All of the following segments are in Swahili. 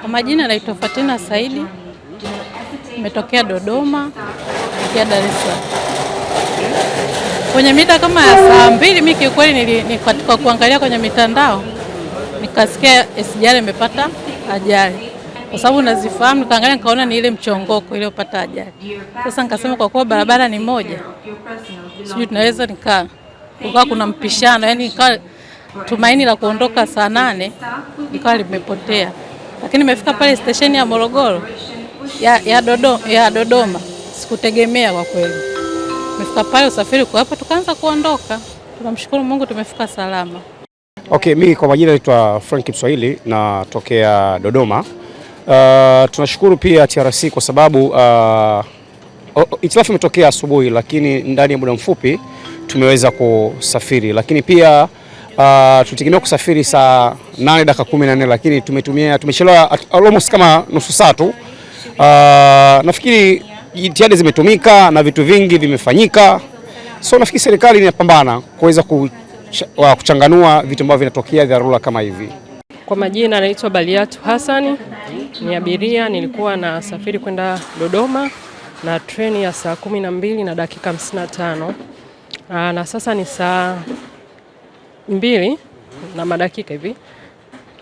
Kwa majina naitwa Fatina Saidi, metokea Dodoma ya Dar es Salaam. Kwenye mita kama ya saa mbili, mi kiukweli kwa kuangalia kwenye mitandao nikasikia SGR imepata ajali, kwa sababu nazifahamu, nikaangalia nikaona ni ile mchongoko iliyopata ajali. Sasa nikasema kwa kuwa barabara ni moja, sijui tunaweza nika ukawa kuna mpishano, yani ikawa tumaini la kuondoka saa nane ikawa limepotea lakini nimefika pale stesheni ya Morogoro ya, ya, Dodo, ya Dodoma sikutegemea kwa kweli. Nimefika pale usafiri kwa hapa, tukaanza kuondoka. Tunamshukuru Mungu tumefika salama. Okay, mimi kwa majina naitwa Frank Mswahili natokea Dodoma. Uh, tunashukuru pia TRC kwa sababu uh, itilafu imetokea asubuhi, lakini ndani ya muda mfupi tumeweza kusafiri, lakini pia Uh, tulitegemea kusafiri saa nane dakika kumi na nne lakini tumetumia tumechelewa almost kama nusu saa tu. Uh, nafikiri jitihada zimetumika na vitu vingi vimefanyika, so nafikiri serikali inapambana kuweza uh, kuchanganua vitu ambavyo vinatokea dharura kama hivi. Kwa majina anaitwa Baliatu Hasani, ni abiria, nilikuwa na safiri kwenda Dodoma na treni ya saa kumi na mbili na dakika 55 uh, na sasa ni saa mbili na madakika hivi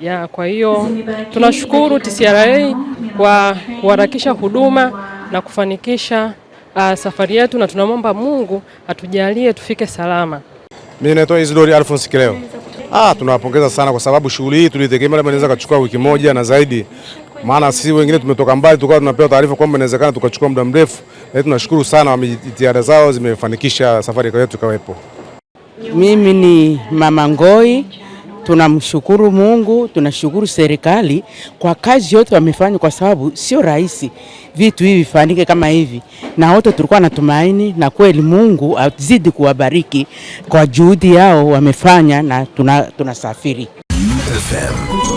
ya. Kwa hiyo tunashukuru TCRA kwa kuharakisha huduma na kufanikisha uh, safari yetu, na tunamwomba Mungu atujalie tufike salama. Mimi naitwa Isidori Alphonse Kileo. Ah, tunawapongeza sana kwa sababu shughuli hii tulitegemea labda inaweza kuchukua wiki moja na zaidi, maana sisi wengine tumetoka mbali, tukawa tunapewa taarifa kwamba inawezekana tukachukua muda mrefu, lakini tunashukuru sana, jitihada zao zimefanikisha safari yetu ikawepo. Mimi ni Mama Ngoi. Tunamshukuru Mungu, tunashukuru serikali kwa kazi yote wamefanya, kwa sababu sio rahisi vitu hivi vifanike kama hivi, na wote tulikuwa na tumaini, na kweli Mungu azidi kuwabariki kwa juhudi yao wamefanya, na tunasafiri tuna